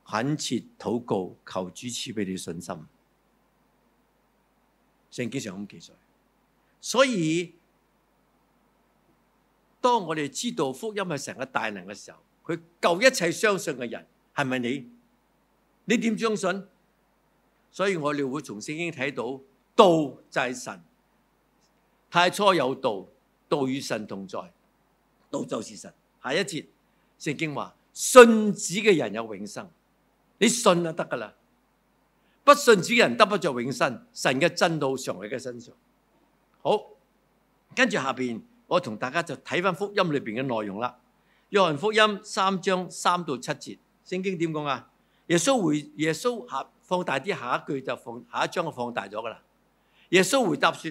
懇切禱告，求主賜俾你信心。聖經上咁記載，所以當我哋知道福音係成個大能嘅時候，佢救一切相信嘅人，係咪你？你點相信？所以我哋會從聖經睇到，道就係神。太初有道，道與神同在，道就是神。下一節聖經話：信子嘅人有永生，你信就得噶啦！不信子嘅人得不着永生。神嘅真道常喺佢身上。好，跟住下邊我同大家就睇翻福音裏邊嘅內容啦。約翰福音三章三到七節，聖經點講啊？耶穌回耶穌下放大啲，下一句就放下一章就放大咗噶啦。耶穌回答說。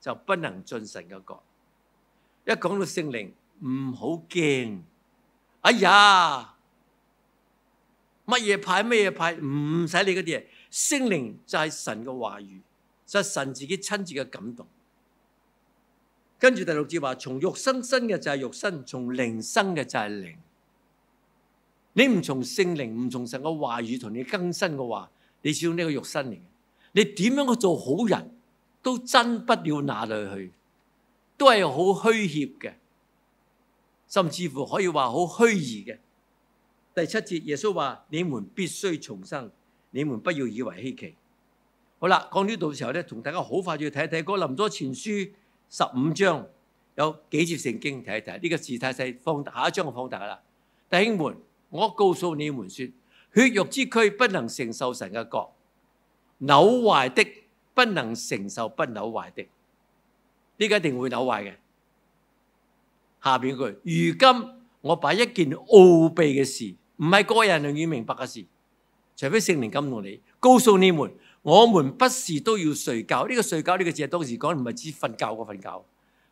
就不能進神嘅國。一講到聖靈，唔好驚。哎呀，乜嘢派乜嘢派，唔使理嗰啲嘢。聖靈就係神嘅話語，就係、是、神自己親自嘅感動。跟住第六節話，從肉身生嘅就係肉身，從靈生嘅就係靈。你唔從聖靈，唔從神嘅話語同你更新嘅話，你始用呢個肉身嚟。你點樣去做好人？都真不了，哪裏去？都係好虛怯嘅，甚至乎可以話好虛擬嘅。第七節，耶穌話：你們必須重生，你們不要以為稀奇。好啦，講呢度嘅時候咧，同大家好快要睇一睇哥林多前書十五章有幾節聖經睇一睇。呢個字太細，放大，下一張我放大啦。弟兄們，我告訴你們說，血肉之軀不能承受神嘅國，朽壞的。不能承受不朽壞的，呢個一定會朽壞嘅。下邊一句，如今我把一件奧秘嘅事，唔係個人容易明白嘅事，除非聖靈感動你，告訴你們，我們不是都要睡覺？呢個睡覺呢個字，當時講唔係指瞓覺個瞓覺，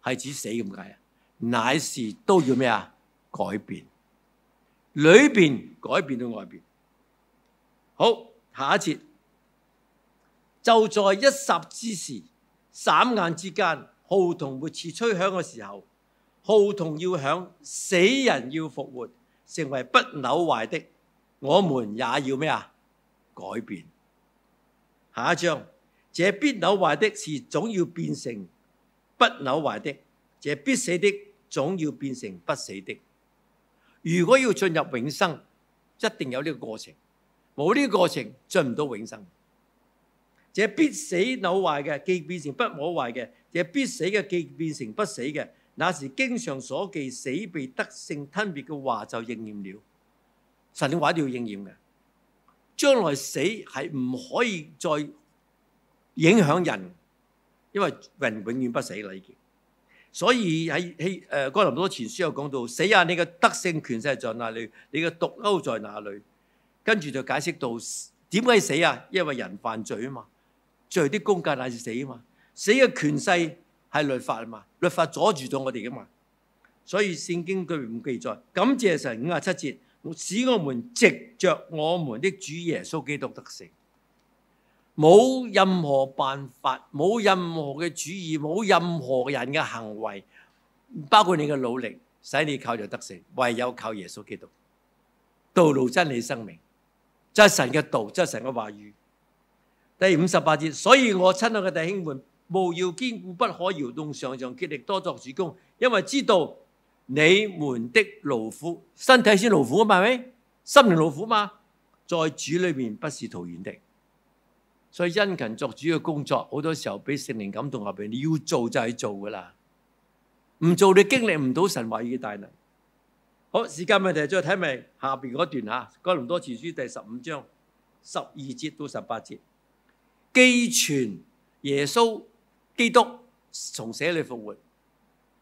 係指死咁解啊。乃是都要咩啊？改變，裏邊改變到外邊。好，下一節。就在一霎之時，眨眼之間，號筒末次吹響嘅時候，號筒要響，死人要復活，成為不朽壞的。我們也要咩啊？改變。下一章，這必朽壞的是總要變成不朽壞的，這必死的總要變成不死的。如果要進入永生，一定有呢個過程，冇呢個過程進唔到永生。嘅必死扭壞嘅，既變成不可壞嘅，嘅必死嘅，既變成不死嘅。那時經常所記死被得勝吞滅嘅話就應驗了，神嘅話一定要應驗嘅。將來死係唔可以再影響人，因為人永遠不死啦已經。所以喺喺誒哥林多前書又講到，死啊，你嘅得勝權勢在哪裏？你嘅毒鉤在哪裏？跟住就解釋到點解死啊？因為人犯罪啊嘛。罪嘅工價，乃是死啊嘛！死嘅權勢係律法啊嘛，律法阻住咗我哋噶嘛。所以聖經佢唔記載。感謝神五十七節，使我們藉着我們的主耶穌基督得勝。冇任何辦法，冇任何嘅主義，冇任何人嘅行為，包括你嘅努力，使你靠著得勝。唯有靠耶穌基督，道路真理生命，即神嘅道，即神嘅話語。第五十八節，所以我親愛嘅弟兄們，務要堅固，不可搖動，常常竭力多作主工，因為知道你們的勞苦身體先勞苦啊嘛，係咪心靈勞苦嘛，在主裏面，不是徒然的。所以殷勤作主嘅工作，好多時候俾聖靈感動後邊，你要做就係做噶啦，唔做你經歷唔到神話語嘅大能。好時間問題，再睇埋下邊嗰段嚇，《哥林多前書》第十五章十二節到十八節。既傳，耶穌基督從死裏復活，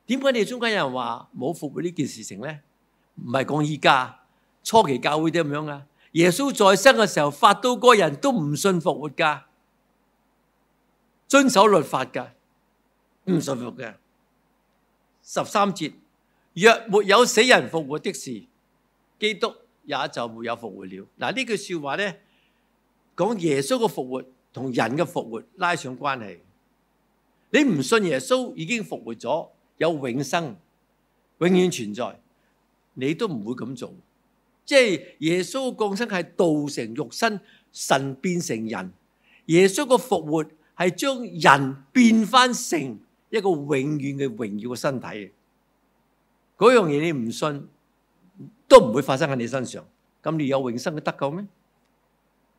點解你哋中間有人話冇復活呢件事情咧？唔係講依家初期教會點咁樣啊！耶穌在生嘅時候發到個人都唔信復活噶，遵守律法噶，唔信服嘅。十三節若沒有死人復活的事，基督也就沒有復活了。嗱呢句說話咧，講耶穌嘅復活。同人嘅復活拉上關係，你唔信耶穌已經復活咗，有永生，永遠存在，你都唔會咁做。即係耶穌嘅降生係道成肉身，神變成人；耶穌嘅復活係將人變翻成一個永遠嘅榮耀嘅身體。嗰樣嘢你唔信，都唔會發生喺你身上。咁你有永生嘅得救咩？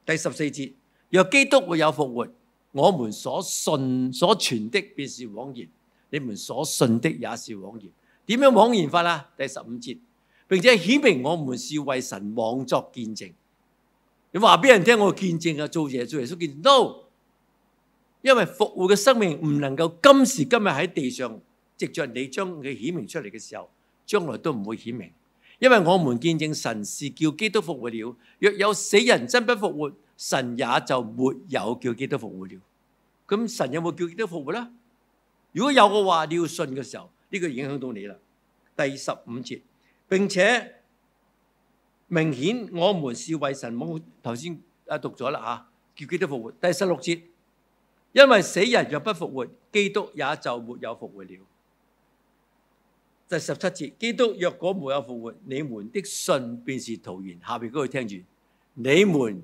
第十四節。若基督會有復活，我們所信所傳的便是枉然；你們所信的也是枉然。點樣枉然法啊？第十五節，並且顯明我們是為神妄作見證。你話俾人聽，我會見證啊，做嘢做耶穌見證。no，因為復活嘅生命唔能夠今時今日喺地上，直至你將佢顯明出嚟嘅時候，將來都唔會顯明。因為我們見證神是叫基督復活了。若有死人真不復活，神也就沒有叫基督復活了。咁神有冇叫基督復活啦？如果有嘅話，你要信嘅時候，呢個影響到你啦。第十五節，並且明顯我們是為神，冇，頭先啊讀咗啦嚇，叫基督復活。第十六節，因為死人若不復活，基督也就沒有復活了。第十七節，基督若果沒有復活，你們的信便是徒然。下邊嗰句聽住，你們。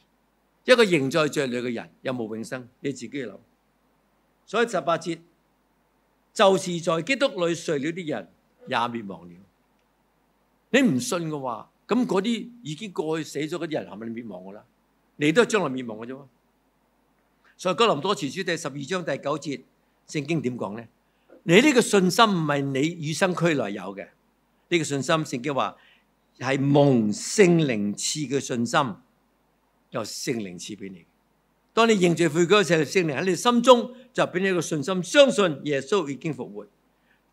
一個仍在著裏嘅人有冇永生？你自己去諗。所以十八節就是在基督裏睡了啲人也滅亡了。你唔信嘅話，咁嗰啲已經過去死咗嗰啲人係咪你滅亡噶啦？你都係將來滅亡嘅啫。所以哥林多前書第十二章第九節聖經點講咧？你呢個信心唔係你與生俱來有嘅，呢、呢個信心聖經話係蒙聖靈賜嘅信心。有聖靈賜俾你。當你認罪悔改嘅時候，聖靈喺你心中就俾你一個信心，相信耶穌已經復活。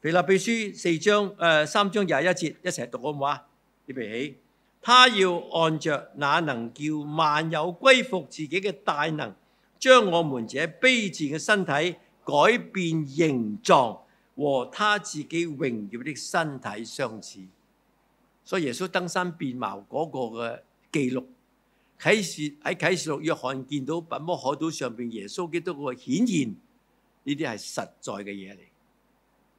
腓立比書四章誒三章廿一節一齊讀好唔好啊？預備起，他要按着那能叫萬有歸服自己嘅大能，將我們這卑賤嘅身體改變形狀，和他自己榮耀的身體相似。所以耶穌登山變貌嗰個嘅記錄。啟示喺啟示錄約翰見到百摩海島上邊耶穌基督嘅顯現，呢啲係實在嘅嘢嚟。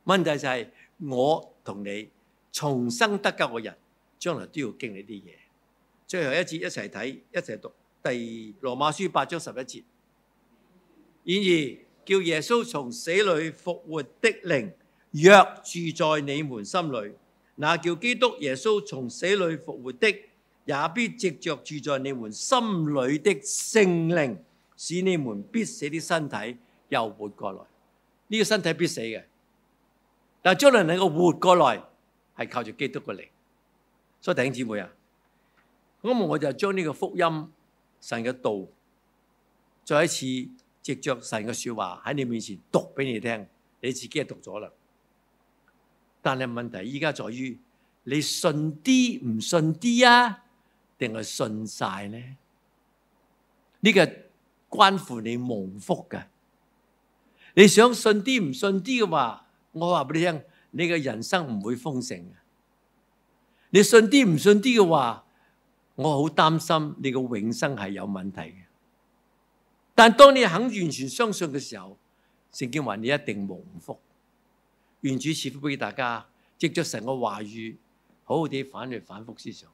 問題就係我同你重生得救嘅人，將來都要經歷啲嘢。最後一節一齊睇，一齊讀第二，羅馬書八章十一節。然而，叫耶穌從死裏復活的靈，若住在你們心裏，那叫基督耶穌從死裏復活的。也必藉着住在你們心裏的聖靈，使你們必死的身體又活過來。呢、這個身體必死嘅，但將來能夠活過來，係靠住基督嘅靈。所以弟兄姊妹啊，咁我就將呢個福音、神嘅道，再一次藉着神嘅說話喺你面前讀俾你聽。你自己係讀咗啦，但係問題依家在，在於你信啲唔信啲啊？定係信晒咧？呢個關乎你蒙福嘅。你想信啲唔信啲嘅話，我話俾你聽，你嘅人生唔會豐盛。你信啲唔信啲嘅話，我好擔心你個永生係有問題嘅。但當你肯完全相信嘅時候，聖經話你一定蒙福。願主賜福俾大家，積着成個話語，好好地反去反覆思想。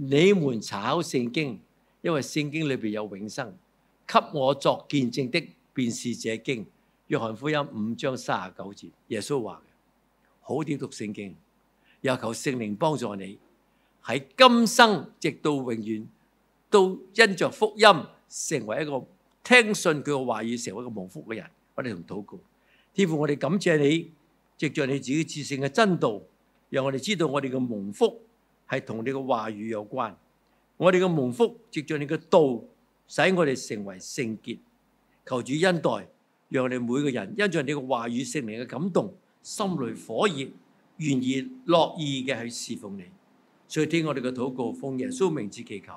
你們查考聖經，因為聖經裏邊有永生。給我作見證的便是這經。約翰福音五章三十九節，耶穌話嘅。好點讀聖經？又求聖靈幫助你喺今生直到永遠都因着福音成為一個聽信佢嘅話語，成為一個蒙福嘅人。我哋同禱告。天父，我哋感謝你，借着你自己至聖嘅真道，讓我哋知道我哋嘅蒙福，係同你嘅話語有關，我哋嘅蒙福藉着你嘅道，使我哋成為聖潔。求主恩待，讓你每個人因着你嘅話語，聖靈嘅感動，心裏火熱，願意樂意嘅去侍奉你。所以，聽我哋嘅禱告，奉耶穌名字祈求。